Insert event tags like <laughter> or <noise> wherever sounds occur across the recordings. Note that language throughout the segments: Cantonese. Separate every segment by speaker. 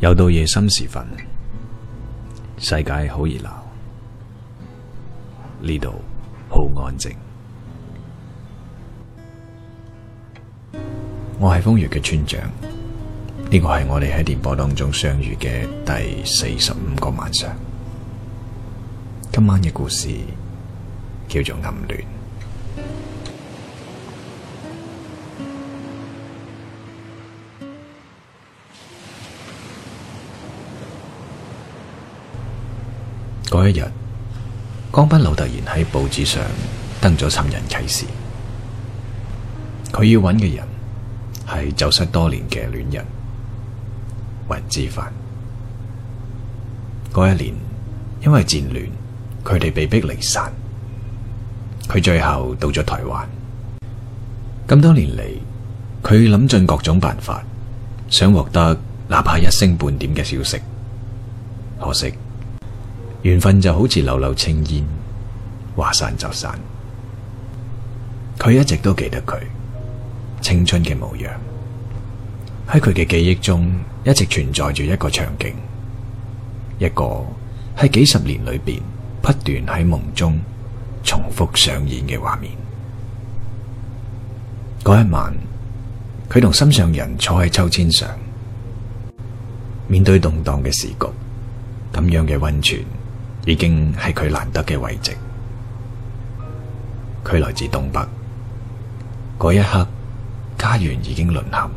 Speaker 1: 又到夜深時分，世界好熱鬧，呢度好安靜。我係瘋粵嘅村長，呢個係我哋喺電波當中相遇嘅第四十五個晚上。今晚嘅故事叫做暗戀。嗰一日，江濱柳突然喺報紙上登咗尋人啟事。佢要揾嘅人係走失多年嘅戀人雲之凡。嗰一年，因為戰亂，佢哋被逼離，離散。佢最後到咗台灣。咁多年嚟，佢諗盡各種辦法，想獲得哪怕一星半點嘅消息，可惜。緣分就好似縷縷青煙，話散就散。佢一直都記得佢青春嘅模樣，喺佢嘅記憶中一直存在住一個場景，一個喺幾十年裏邊不斷喺夢中重複上演嘅畫面。嗰一晚，佢同心上人坐喺秋千上，面對動蕩嘅時局，咁樣嘅溫存。已經係佢難得嘅慰藉。佢來自東北，嗰一刻，家園已經淪陷，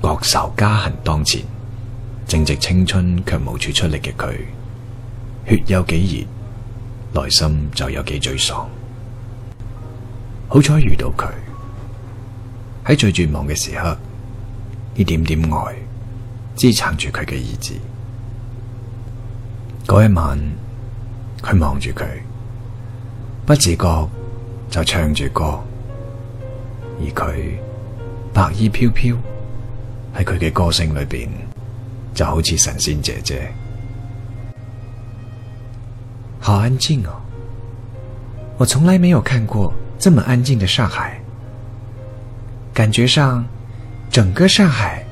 Speaker 1: 國仇家恨當前，正值青春卻無處出力嘅佢，血有幾熱，內心就有幾沮喪。好彩遇到佢，喺最絕望嘅時刻，呢點點愛支撐住佢嘅意志。嗰一晚，佢望住佢，不自覺就唱住歌，而佢白衣飄飄，喺佢嘅歌聲裏邊，就好似神仙姐姐。好安靜哦，我從來沒有看過這麼安靜嘅上海，感覺上整個上海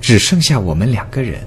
Speaker 1: 只剩下我們兩個人。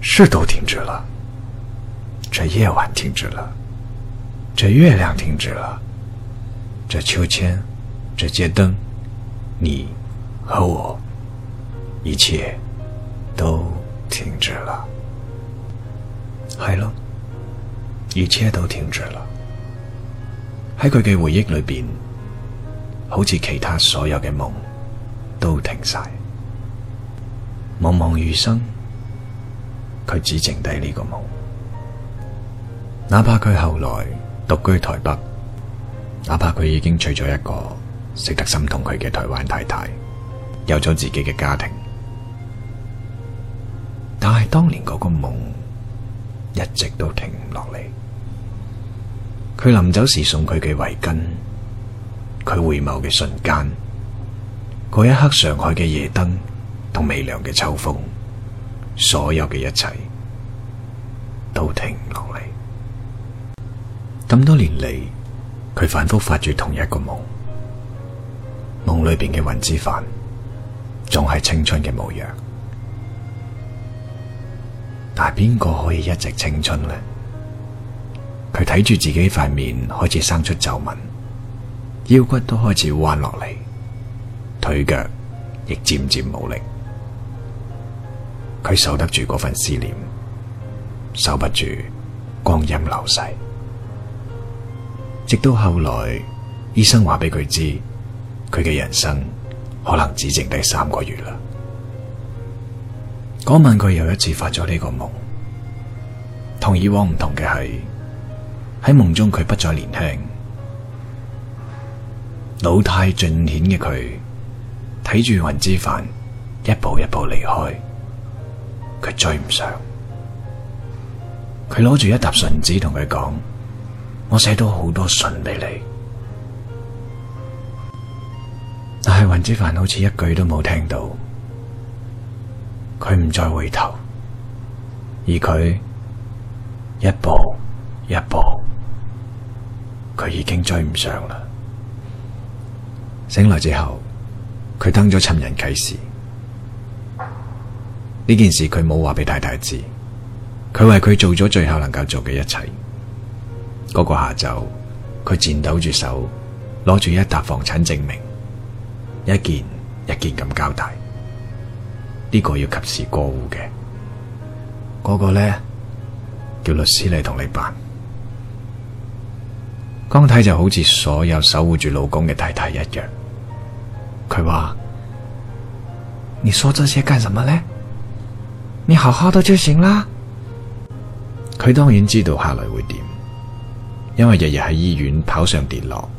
Speaker 1: 是都停止了。這夜晚停止了，這月亮停止了，這秋千，這街燈，你和我，一切都停止了。係咯，一切都停止了。喺佢嘅回憶裏邊，好似其他所有嘅夢都停晒，茫茫餘生。佢只剩低呢個夢，哪怕佢後來獨居台北，哪怕佢已經娶咗一個識得心痛佢嘅台灣太太，有咗自己嘅家庭，但係當年嗰個夢一直都停唔落嚟。佢臨走時送佢嘅圍巾，佢回眸嘅瞬間，嗰一刻上海嘅夜燈同微涼嘅秋風。所有嘅一切都停唔落嚟，咁多年嚟，佢反覆發住同一個夢，夢裏邊嘅云之凡仲係青春嘅模樣，但係邊個可以一直青春呢？佢睇住自己塊面開始生出皺紋，腰骨都開始彎落嚟，腿腳亦漸漸冇力。佢守得住嗰份思念，守不住光陰流逝。直到後來，醫生話俾佢知，佢嘅人生可能只剩低三個月啦。嗰晚佢又一次發咗呢個夢，同以往唔同嘅係喺夢中佢不再年輕，老態盡顯嘅，佢睇住云之凡一步一步離開。佢追唔上，佢攞住一沓信紙同佢講：我寫咗好多信俾你，但係雲之凡好似一句都冇聽到。佢唔再回頭，而佢一步一步，佢已經追唔上啦。醒來之後，佢登咗尋人啟事。呢件事佢冇話俾太太知，佢為佢做咗最後能夠做嘅一切。嗰個下晝，佢顫抖住手，攞住一沓房產證明，一件一件咁交代。呢個要及時過戶嘅，嗰個咧叫律師嚟同你辦。江太就好似所有守護住老公嘅太太一樣，佢話：你說這些幹什麼咧？你好好的就行啦。佢當然知道下來會點，因為日日喺醫院跑上跌落，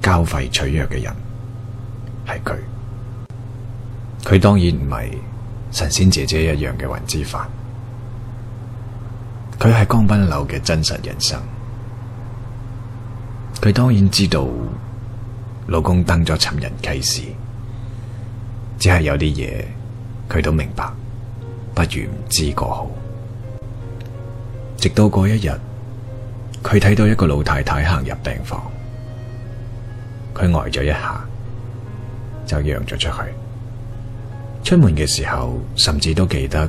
Speaker 1: 交費取藥嘅人係佢。佢當然唔係神仙姐姐一樣嘅雲之凡，佢係江濱柳嘅真實人生。佢當然知道老公登咗尋人啟事，只係有啲嘢佢都明白，不如唔知個好，直到嗰一日，佢睇到一個老太太行入病房，佢呆咗一下，就讓咗出去。出門嘅時候，甚至都記得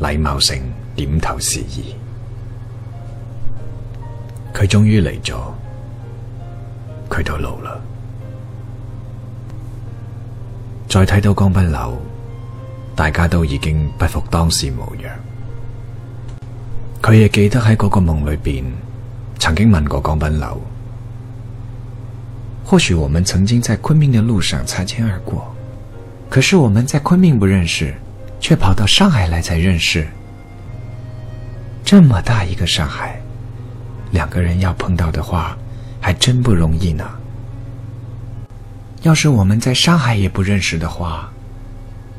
Speaker 1: 禮貌性點頭示意。佢終於嚟咗，佢到老啦，再睇到江濱柳。大家都已經不復當時模樣，佢也記得喺嗰個夢裏邊，曾經問過江濱柳：或許我們曾經在昆明的路上擦肩而過，可是我們在昆明不認識，卻跑到上海來才認識。這麼大一個上海，兩個人要碰到的話，還真不容易呢。要是我們在上海也不認識的話。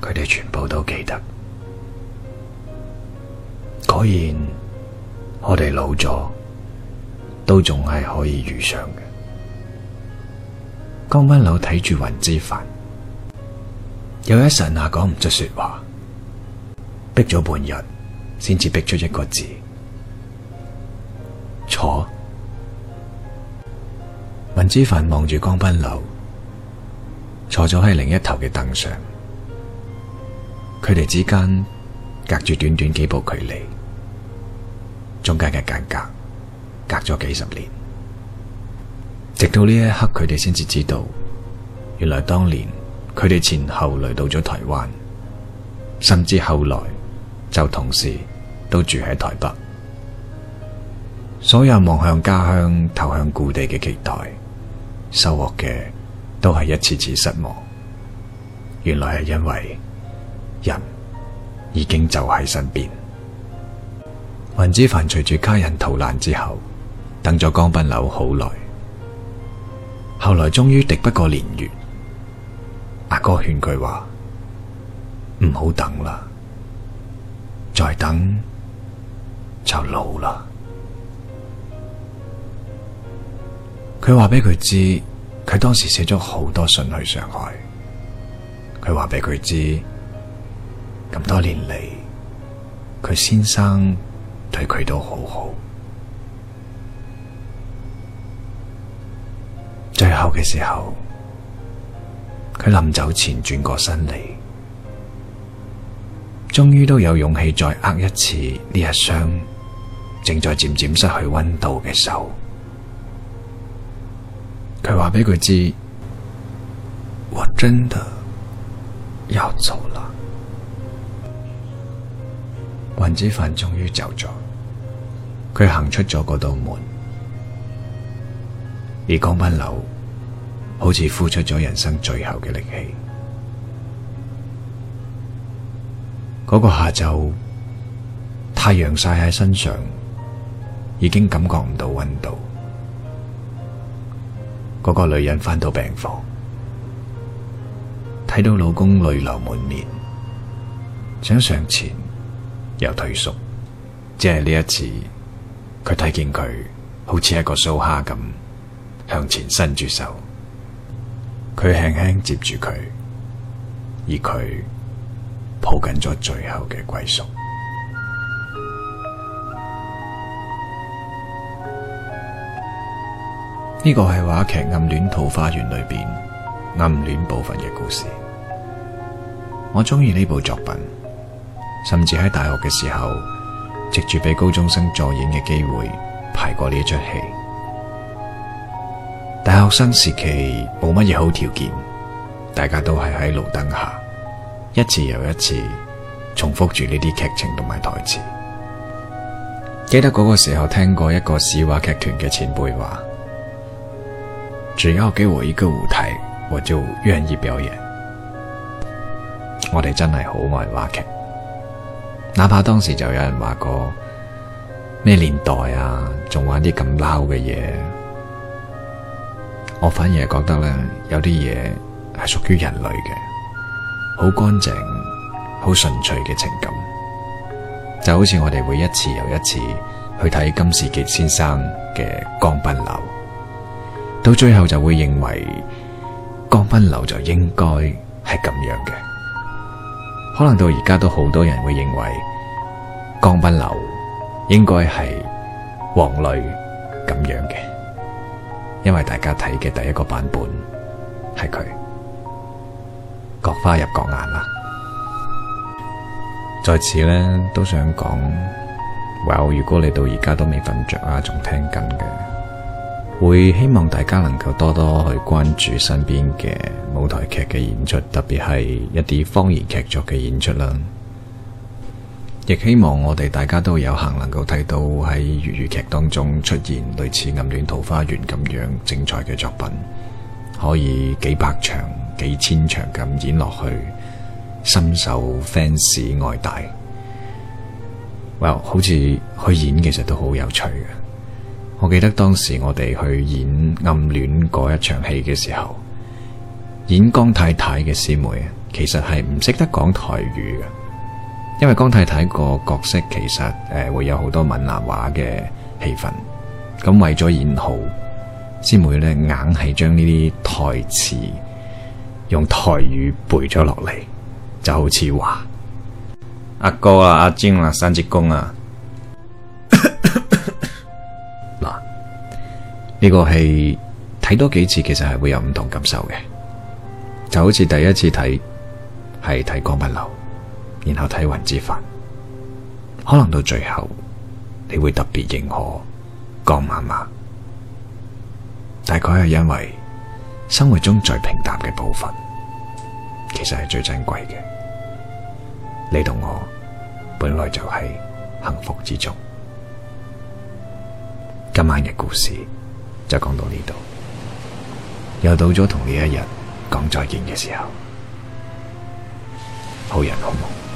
Speaker 1: 佢哋全部都記得，果然我哋老咗，都仲係可以遇上嘅。江濱柳睇住雲之凡，有一剎那講唔出說話，逼咗半日，先至逼出一個字：坐。雲之凡望住江濱柳，坐咗喺另一頭嘅凳上。佢哋之間隔住短短幾步距離，中間嘅間隔隔咗幾十年，直到呢一刻，佢哋先至知道，原來當年佢哋前後來到咗台灣，甚至後來就同時都住喺台北，所有望向家鄉、投向故地嘅期待，收穫嘅都係一次次失望，原來係因為。人已經就喺身邊。雲之凡隨住家人逃難之後，等咗江濱柳好耐，後來終於敵不過年月。阿哥勸佢話：唔好等啦，再等就老啦。佢話俾佢知，佢當時寫咗好多信去上海。佢話俾佢知。咁多年嚟，佢先生對佢都好好。最後嘅時候，佢臨走前轉過身嚟，終於都有勇氣再握一次呢一雙正在漸漸失去溫度嘅手。佢話俾佢知，我真的要走了。雲之凡終於走咗，佢行出咗嗰道門，而江濱柳好似付出咗人生最後嘅力氣。嗰個下晝，太陽曬喺身上，已經感覺唔到溫度。嗰個女人返到病房，睇到老公淚流滿面，想上前，又退縮，即係呢一次，佢睇見佢好似一個蘇蝦咁向前伸住手，佢輕輕接住佢，而佢抱緊咗最後嘅歸宿。呢個係話劇《暗戀桃花源》裏邊暗戀部分嘅故事。我中意呢部作品。甚至喺大學嘅時候，藉住俾高中生助演嘅機會排過呢一出戲。大學生時期冇乜嘢好條件，大家都係喺路燈下一次又一次重複住呢啲劇情同埋台詞。記得嗰個時候聽過一個市話劇團嘅前輩話：只要俾我一個舞台，我就願意表演。我哋真係好愛話劇。哪怕當時就有人話過，咩年代啊，仲玩啲咁撈嘅嘢，我反而係覺得咧，有啲嘢係屬於人類嘅，好乾淨、好純粹嘅情感，就好似我哋會一次又一次去睇金士傑先生嘅《江濱柳》，到最後就會認為《江濱柳》就應該係咁樣嘅，可能到而家都好多人會認為江濱柳應該係黃磊咁樣嘅，因為大家睇嘅第一個版本係佢。各花入各眼啦，在此呢，都想講，哇！如果你到而家都未瞓着啊，仲聽緊嘅，會希望大家能夠多多去關注身邊嘅舞台劇嘅演出，特別係一啲方言劇作嘅演出啦。亦希望我哋大家都有幸能夠睇到喺粵語劇當中出現類似《暗戀桃，桃花源》咁樣精彩嘅作品，可以幾百場、幾千場咁演落去，深受 fans 愛戴。哇、well，好似去演其實都好有趣嘅。我記得當時我哋去演《暗戀》嗰一場戲嘅時候，演江太太嘅師妹，其實係唔識得講台語嘅。因為江太太個角色其實誒會有好多閩南話嘅氣氛，咁為咗演好，師妹咧硬係將呢啲台詞用台語背咗落嚟，就好似話阿哥啊、阿、啊、娟啊、三節公啊嗱，呢 <laughs> 個係睇多幾次其實係會有唔同感受嘅，就好似第一次睇係睇江濱柳。然後睇雲之凡，可能到最後你會特別認可江媽媽。大概係因為生活中最平淡嘅部分，其實係最珍貴嘅。你同我本來就係幸福之中。今晚嘅故事就講到呢度，又到咗同呢一日講再見嘅時候，好人好夢。